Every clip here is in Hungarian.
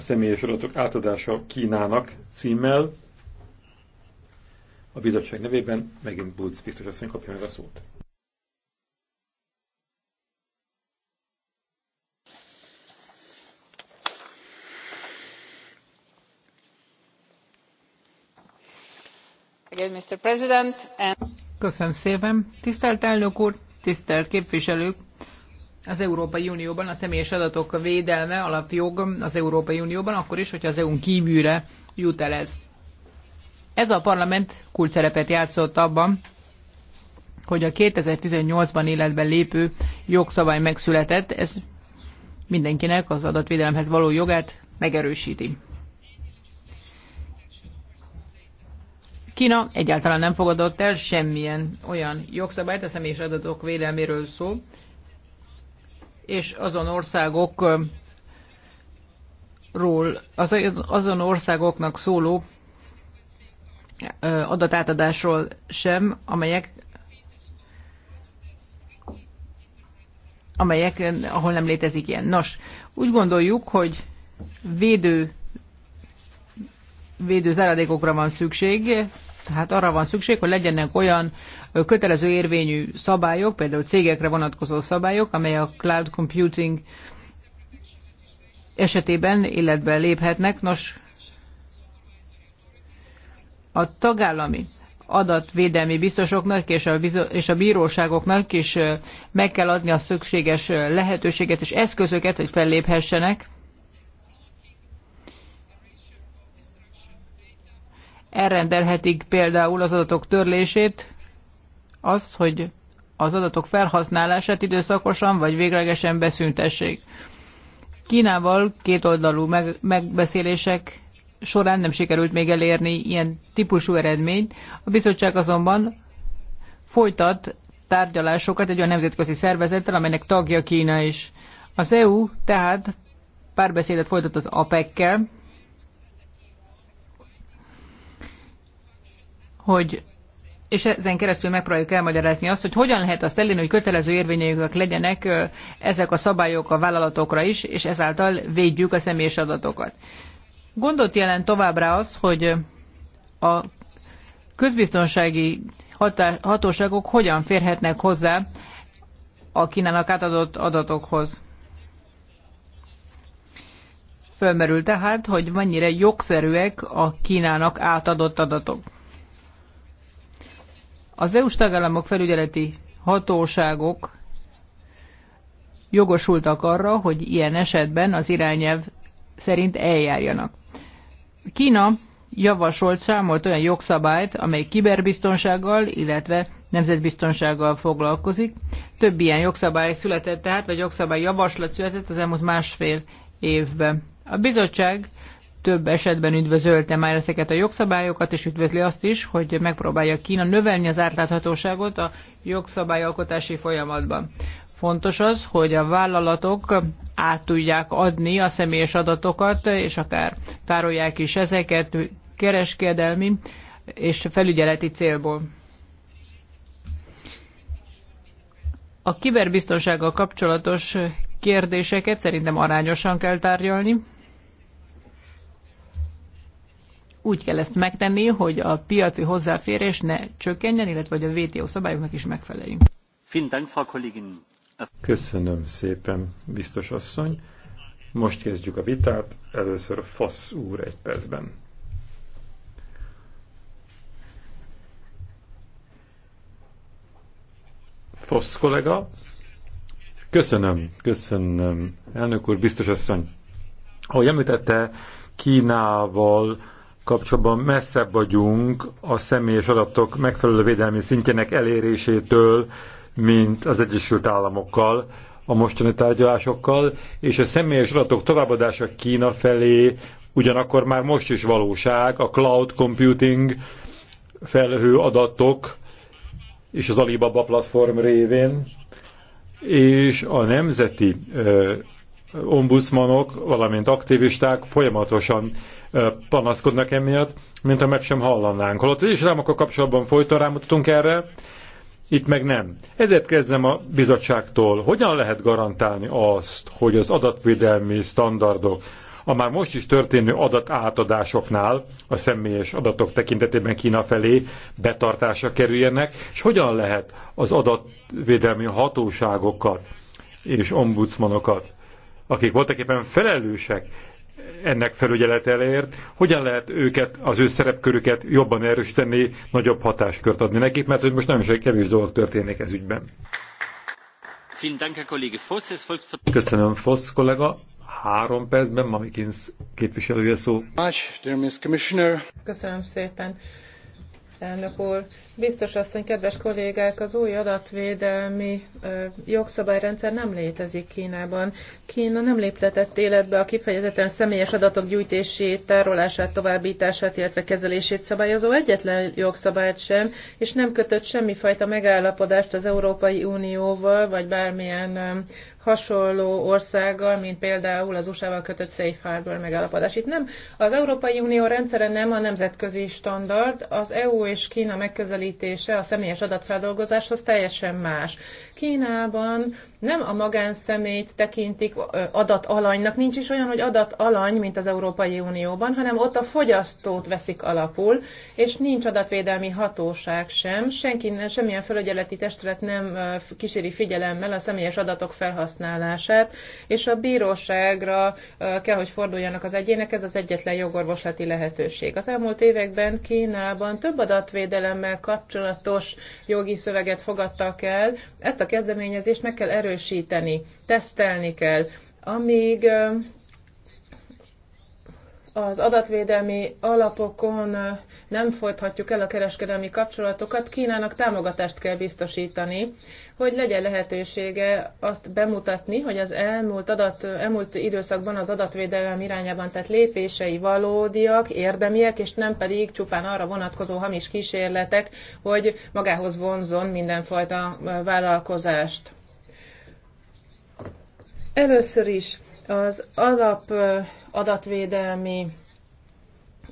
a személyes adatok átadása Kínának címmel. A bizottság nevében megint Bulc biztos asszony kapja meg a szót. Köszönöm szépen. Tisztelt elnök úr, tisztelt képviselők! az Európai Unióban a személyes adatok védelme alapjog az Európai Unióban, akkor is, hogyha az EU-n kívülre jut el ez. Ez a parlament kulcserepet játszott abban, hogy a 2018-ban életben lépő jogszabály megszületett, ez mindenkinek az adatvédelemhez való jogát megerősíti. Kína egyáltalán nem fogadott el semmilyen olyan jogszabályt a személyes adatok védelméről szó, és azon országokról, az, azon országoknak szóló adatátadásról sem, amelyek amelyek, ahol nem létezik ilyen. Nos, úgy gondoljuk, hogy védő védő záradékokra van szükség, hát arra van szükség, hogy legyenek olyan kötelező érvényű szabályok, például cégekre vonatkozó szabályok, amely a cloud computing esetében illetve léphetnek. Nos, a tagállami adatvédelmi biztosoknak és a, és a bíróságoknak is meg kell adni a szükséges lehetőséget és eszközöket, hogy felléphessenek. elrendelhetik például az adatok törlését, azt, hogy az adatok felhasználását időszakosan vagy véglegesen beszüntessék. Kínával kétoldalú meg, megbeszélések során nem sikerült még elérni ilyen típusú eredményt. A bizottság azonban folytat tárgyalásokat egy olyan nemzetközi szervezettel, amelynek tagja Kína is. Az EU tehát párbeszédet folytat az APEC-kel, hogy és ezen keresztül megpróbáljuk elmagyarázni azt, hogy hogyan lehet azt elérni, hogy kötelező érvényűek legyenek ezek a szabályok a vállalatokra is, és ezáltal védjük a személyes adatokat. Gondot jelent továbbra azt, hogy a közbiztonsági hatóságok hogyan férhetnek hozzá a Kínának átadott adatokhoz. Fölmerül tehát, hogy mennyire jogszerűek a Kínának átadott adatok. Az EU-s tagállamok felügyeleti hatóságok jogosultak arra, hogy ilyen esetben az irányelv szerint eljárjanak. Kína javasolt számolt olyan jogszabályt, amely kiberbiztonsággal, illetve nemzetbiztonsággal foglalkozik. Több ilyen jogszabály született tehát, vagy jogszabály javaslat született az elmúlt másfél évben. A bizottság több esetben üdvözölte már ezeket a jogszabályokat, és üdvözli azt is, hogy megpróbálja Kína növelni az átláthatóságot a jogszabályalkotási folyamatban. Fontos az, hogy a vállalatok át tudják adni a személyes adatokat, és akár tárolják is ezeket kereskedelmi és felügyeleti célból. A kiberbiztonsággal kapcsolatos kérdéseket szerintem arányosan kell tárgyalni úgy kell ezt megtenni, hogy a piaci hozzáférés ne csökkenjen, illetve hogy a WTO szabályoknak is megfeleljünk. Köszönöm szépen, biztos asszony. Most kezdjük a vitát, először Fasz úr egy percben. Fosz kollega. Köszönöm, köszönöm. Elnök úr, biztos asszony. Ahogy említette, Kínával kapcsolatban messzebb vagyunk a személyes adatok megfelelő védelmi szintjének elérésétől, mint az Egyesült Államokkal a mostani tárgyalásokkal, és a személyes adatok továbbadása Kína felé ugyanakkor már most is valóság, a cloud computing, felhő adatok és az Alibaba platform révén, és a nemzeti ö, ombudsmanok, valamint aktivisták folyamatosan panaszkodnak emiatt, mint ha meg sem hallanánk. Holott az islámokkal kapcsolatban folyton rámutatunk erre, itt meg nem. Ezért kezdem a bizottságtól. Hogyan lehet garantálni azt, hogy az adatvédelmi standardok, a már most is történő adatátadásoknál a személyes adatok tekintetében Kína felé betartásra kerüljenek, és hogyan lehet az adatvédelmi hatóságokat és ombudsmanokat akik voltak éppen felelősek ennek felügyeletelért, hogyan lehet őket, az ő szerepkörüket jobban erősíteni, nagyobb hatáskört adni nekik, mert hogy most nagyon kevés dolog történik ez ügyben. Köszönöm, Fosz kollega. Három percben Mamikins képviselője szó. Köszönöm szépen elnök úr. Biztos asszony, kedves kollégák, az új adatvédelmi jogszabályrendszer nem létezik Kínában. Kína nem léptetett életbe a kifejezetten személyes adatok gyűjtését, tárolását, továbbítását, illetve kezelését szabályozó egyetlen jogszabályt sem, és nem kötött semmifajta megállapodást az Európai Unióval, vagy bármilyen hasonló országgal, mint például az USA-val kötött Safe Harbor megállapodás. Itt nem, az Európai Unió rendszere nem a nemzetközi standard, az EU és Kína megközelítése a személyes adatfeldolgozáshoz teljesen más. Kínában nem a magánszemélyt tekintik adatalanynak, nincs is olyan, hogy adatalany, mint az Európai Unióban, hanem ott a fogyasztót veszik alapul, és nincs adatvédelmi hatóság sem, senki, semmilyen felügyeleti testület nem kíséri figyelemmel a személyes adatok felhasználását felhasználását, és a bíróságra kell, hogy forduljanak az egyének, ez az egyetlen jogorvoslati lehetőség. Az elmúlt években Kínában több adatvédelemmel kapcsolatos jogi szöveget fogadtak el, ezt a kezdeményezést meg kell erősíteni, tesztelni kell. Amíg az adatvédelmi alapokon nem folythatjuk el a kereskedelmi kapcsolatokat, Kínának támogatást kell biztosítani, hogy legyen lehetősége azt bemutatni, hogy az elmúlt, adat, elmúlt időszakban az adatvédelem irányában tett lépései valódiak, érdemiek, és nem pedig csupán arra vonatkozó hamis kísérletek, hogy magához vonzon mindenfajta vállalkozást. Először is az alap adatvédelmi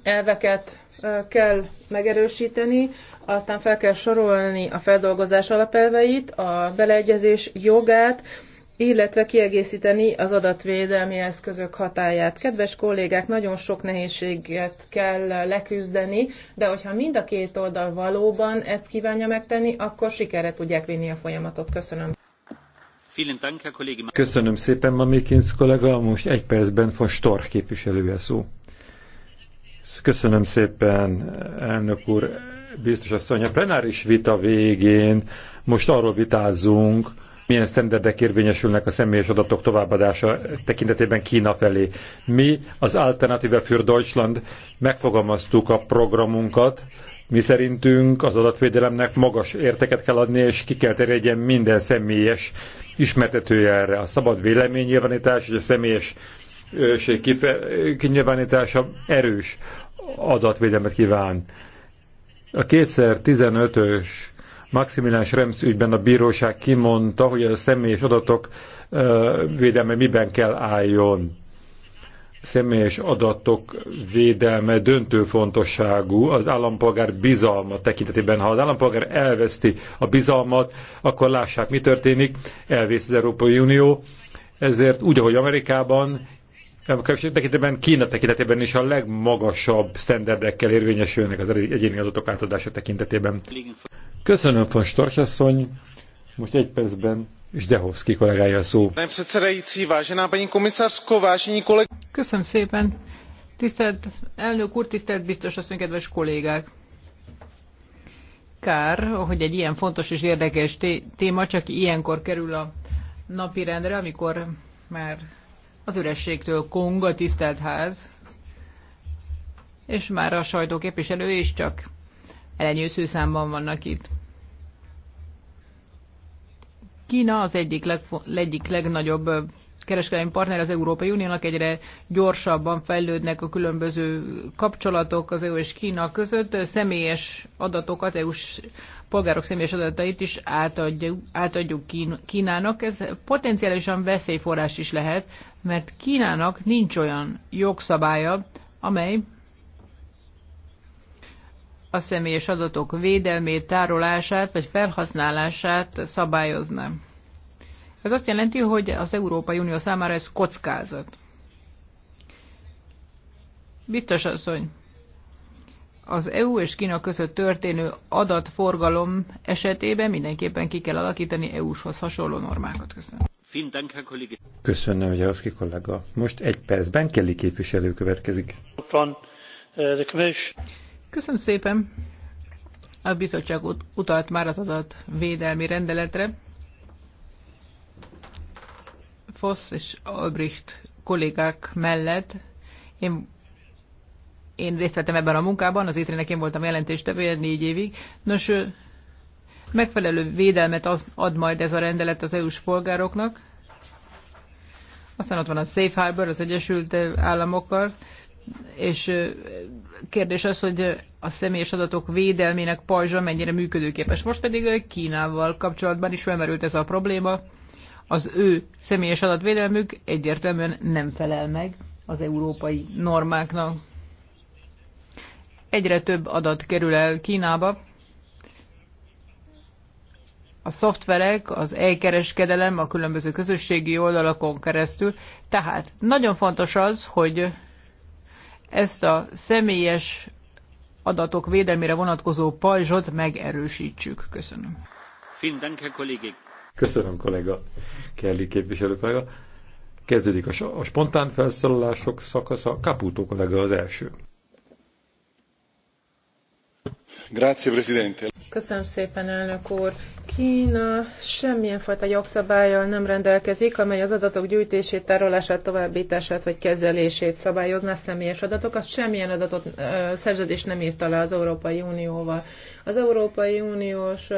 elveket kell megerősíteni, aztán fel kell sorolni a feldolgozás alapelveit, a beleegyezés jogát, illetve kiegészíteni az adatvédelmi eszközök hatáját. Kedves kollégák, nagyon sok nehézséget kell leküzdeni, de hogyha mind a két oldal valóban ezt kívánja megtenni, akkor sikerre tudják vinni a folyamatot. Köszönöm. Köszönöm szépen, Mamikinsz kollega. Most egy percben von képviselője szó. Köszönöm szépen, elnök úr, biztos asszony. A plenáris vita végén most arról vitázunk, milyen sztenderdek érvényesülnek a személyes adatok továbbadása tekintetében Kína felé. Mi az Alternative für Deutschland megfogalmaztuk a programunkat, mi szerintünk az adatvédelemnek magas érteket kell adni, és ki kell terjedjen minden személyes ismertetője erre. A szabad véleménynyilvánítás és a személyes kinyilvánítása erős adatvédelmet kíván. A 2015-ös Maximilian Schrems ügyben a bíróság kimondta, hogy a személyes adatok védelme miben kell álljon. A személyes adatok védelme döntő fontosságú az állampolgár bizalma tekintetében. Ha az állampolgár elveszti a bizalmat, akkor lássák, mi történik, elvész az Európai Unió, ezért úgy, ahogy Amerikában, tekintetében Kína tekintetében is a legmagasabb szenderdekkel érvényesülnek az egyéni adatok átadása tekintetében. Köszönöm, von Storchasszony. Most egy percben Zdehovszki kollégája szó. Köszönöm szépen. Tisztelt elnök úr, tisztelt biztos asszony, kedves kollégák! Kár, hogy egy ilyen fontos és érdekes téma csak ilyenkor kerül a napirendre, amikor már az ürességtől kong a tisztelt ház, és már a sajtóképviselő is csak elenyésző számban vannak itt. Kína az egyik, legfo- egyik legnagyobb kereskedelmi partner az Európai Uniónak, egyre gyorsabban fejlődnek a különböző kapcsolatok az EU és Kína között. Személyes adatokat, EU-s polgárok személyes adatait is átadjuk, átadjuk Kínának. Ez potenciálisan veszélyforrás is lehet, mert Kínának nincs olyan jogszabálya, amely a személyes adatok védelmét, tárolását vagy felhasználását szabályozna. Ez azt jelenti, hogy az Európai Unió számára ez kockázat. Biztos az, hogy e az EU és Kína között történő adatforgalom esetében mindenképpen ki kell alakítani EU-shoz hasonló normákat. Köszönöm. Köszönöm, hogy az kollega. Most egy percben Kelly képviselő következik. Eh, Köszönöm szépen. A bizottság utalt már az adat védelmi rendeletre. Foss és Albrecht kollégák mellett én én részt vettem ebben a munkában, az étrének én voltam jelentéstevője négy évig. Nos, Megfelelő védelmet az, ad majd ez a rendelet az EU-s polgároknak. Aztán ott van a Safe Harbor az Egyesült Államokkal, és kérdés az, hogy a személyes adatok védelmének pajzsa mennyire működőképes. Most pedig Kínával kapcsolatban is felmerült ez a probléma. Az ő személyes adatvédelmük egyértelműen nem felel meg az európai normáknak. Egyre több adat kerül el Kínába, a szoftverek, az e-kereskedelem a különböző közösségi oldalakon keresztül. Tehát nagyon fontos az, hogy ezt a személyes adatok védelmére vonatkozó pajzsot megerősítsük. Köszönöm. Köszönöm, kollega Kelly képviselő kollega. Kezdődik a, a spontán felszólalások szakasza. Caputo kollega az első. Grazie, Presidente. Köszönöm szépen, elnök úr. Kína semmilyen fajta jogszabályal nem rendelkezik, amely az adatok gyűjtését, tárolását, továbbítását vagy kezelését szabályozná személyes adatokat. Semmilyen adatot ö, szerződés nem írt le az Európai Unióval. Az Európai Uniós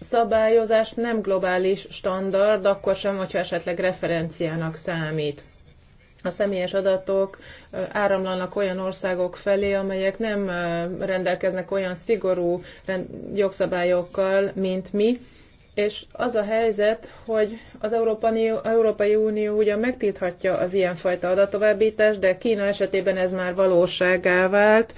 szabályozás nem globális standard, akkor sem, hogyha esetleg referenciának számít a személyes adatok áramlanak olyan országok felé, amelyek nem rendelkeznek olyan szigorú jogszabályokkal, mint mi, és az a helyzet, hogy az Európai Unió ugyan megtilthatja az ilyenfajta adatovábbítást, de Kína esetében ez már valóságá vált.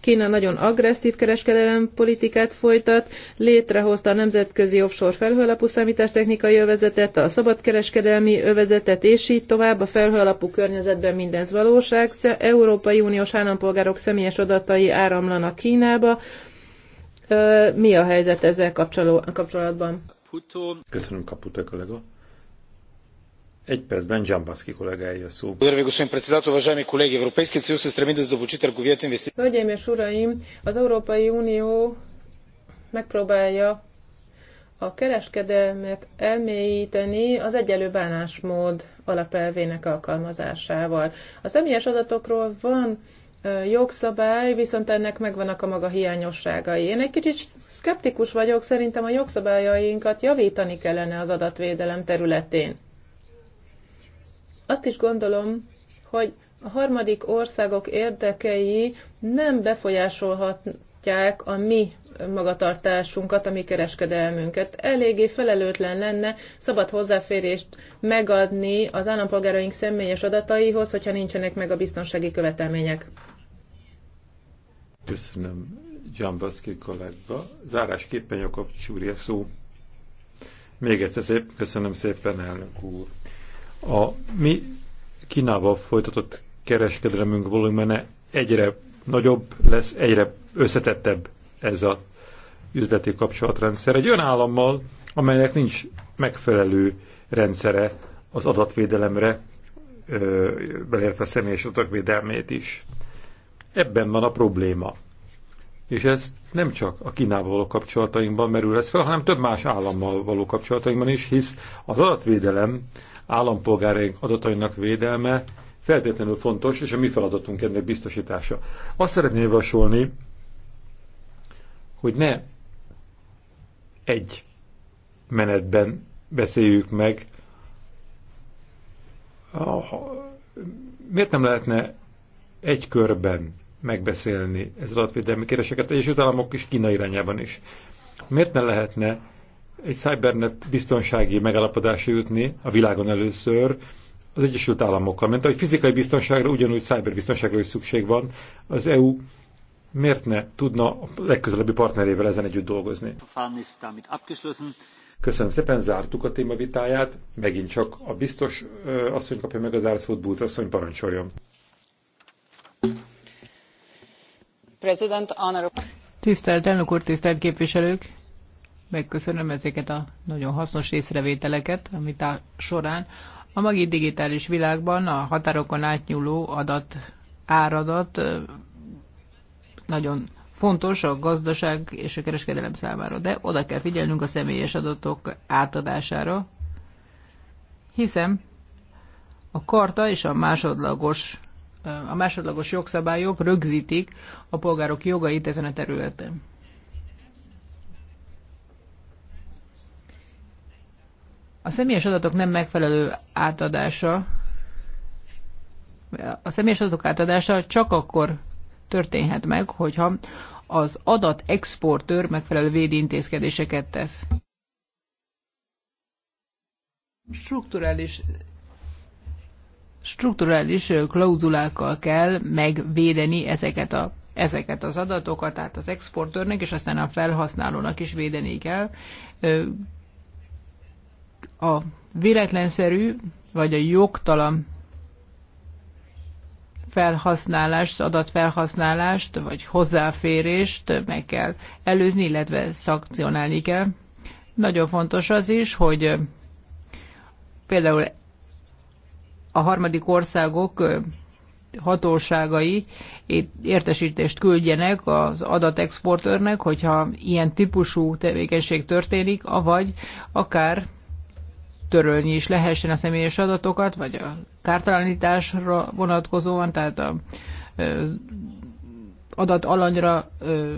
Kína nagyon agresszív kereskedelem politikát folytat, létrehozta a nemzetközi offshore felhőalapú számítástechnikai övezetet, a szabadkereskedelmi övezetet, és így tovább a felhőalapú környezetben mindez valóság. Európai Uniós állampolgárok személyes adatai áramlanak Kínába. Mi a helyzet ezzel kapcsolatban? Caputo. Köszönöm, Caputo kollega. Egy percben Dzsambaszki kollégája szó. Hölgyeim és uraim, az Európai Unió megpróbálja a kereskedelmet elmélyíteni az egyenlő bánásmód alapelvének alkalmazásával. A személyes adatokról van jogszabály, viszont ennek megvannak a maga hiányosságai. Én egy kicsit szkeptikus vagyok, szerintem a jogszabályainkat javítani kellene az adatvédelem területén. Azt is gondolom, hogy a harmadik országok érdekei nem befolyásolhat, támogatják a mi magatartásunkat, a mi kereskedelmünket. Eléggé felelőtlen lenne szabad hozzáférést megadni az állampolgáraink személyes adataihoz, hogyha nincsenek meg a biztonsági követelmények. Köszönöm Jambaszki kollega. Zárásképpen Jakab Csúria szó. Még egyszer szép, köszönöm szépen, elnök úr. A mi Kínával folytatott kereskedelmünk volumene egyre nagyobb lesz, egyre összetettebb ez a üzleti kapcsolatrendszer. Egy olyan állammal, amelynek nincs megfelelő rendszere az adatvédelemre, beleértve a személyes adatok védelmét is. Ebben van a probléma. És ez nem csak a Kínával való kapcsolatainkban merül ez fel, hanem több más állammal való kapcsolatainkban is, hisz az adatvédelem állampolgáraink adatainak védelme feltétlenül fontos, és a mi feladatunk ennek biztosítása. Azt szeretném javasolni, hogy ne egy menetben beszéljük meg, miért nem lehetne egy körben megbeszélni ez adatvédelmi kérdéseket Egyesült Államok és Kína irányában is. Miért ne lehetne egy cybernet biztonsági megállapodásra jutni a világon először, az Egyesült Államokkal. Mint ahogy fizikai biztonságra, ugyanúgy szájberbiztonságra is szükség van, az EU miért ne tudna a legközelebbi partnerével ezen együtt dolgozni? Köszönöm szépen, zártuk a téma vitáját, megint csak a biztos asszony kapja meg az árszót, Bult asszony parancsoljon. President, Tisztelt elnök úr, tisztelt képviselők! Megköszönöm ezeket a nagyon hasznos észrevételeket, amit a során a magi digitális világban a határokon átnyúló adat, áradat nagyon fontos a gazdaság és a kereskedelem számára, de oda kell figyelnünk a személyes adatok átadására, hiszen a karta és a másodlagos, a másodlagos jogszabályok rögzítik a polgárok jogait ezen a területen. A személyes adatok nem megfelelő átadása, a személyes adatok átadása csak akkor történhet meg, hogyha az adat exportőr megfelelő védi intézkedéseket tesz. Strukturális strukturális klauzulákkal kell megvédeni ezeket, a, ezeket az adatokat, tehát az exportőrnek és aztán a felhasználónak is védeni kell a véletlenszerű vagy a jogtalan felhasználást, adatfelhasználást vagy hozzáférést meg kell előzni, illetve szankcionálni kell. Nagyon fontos az is, hogy például a harmadik országok hatóságai értesítést küldjenek az adatexportőrnek, hogyha ilyen típusú tevékenység történik, avagy akár törölni is lehessen a személyes adatokat, vagy a kártalanításra vonatkozóan, tehát a adat alanyra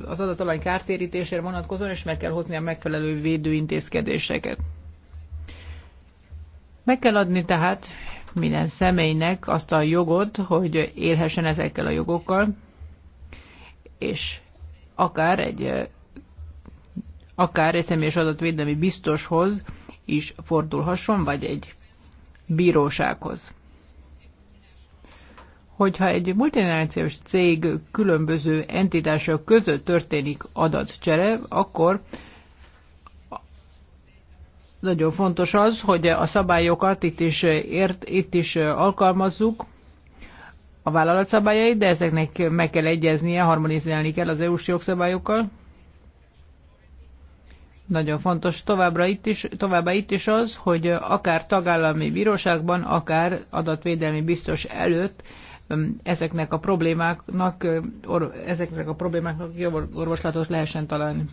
az adatalany kártérítésére vonatkozóan, és meg kell hozni a megfelelő védőintézkedéseket. Meg kell adni tehát minden személynek azt a jogot, hogy élhessen ezekkel a jogokkal, és akár egy akár egy személyes adatvédelmi biztoshoz is fordulhasson, vagy egy bírósághoz. Hogyha egy multinációs cég különböző entitások között történik adatcsere, akkor nagyon fontos az, hogy a szabályokat itt is, ért, itt is alkalmazzuk, a vállalat szabályait, de ezeknek meg kell egyeznie, harmonizálni kell az EU-s jogszabályokkal. Nagyon fontos továbbra itt is, továbbá itt is az, hogy akár tagállami bíróságban, akár adatvédelmi biztos előtt ezeknek a problémáknak, or, ezeknek a problémáknak jó orvoslatot lehessen találni.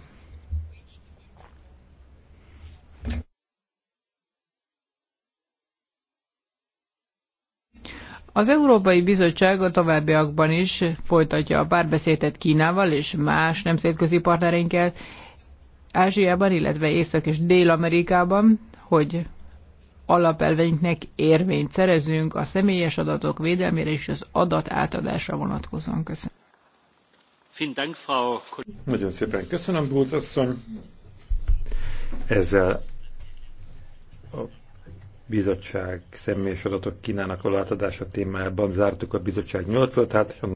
Az Európai Bizottság a továbbiakban is folytatja a párbeszédet Kínával és más nemzetközi partnereinkkel, Ázsiában, illetve Észak- és Dél-Amerikában, hogy alapelveinknek érvényt szerezünk a személyes adatok védelmére és az adat átadásra vonatkozóan. Köszönöm. Nagyon szépen köszönöm, Bulc asszony. Ezzel a bizottság személyes adatok Kínának a látadása témájában zártuk a bizottság 8 tehát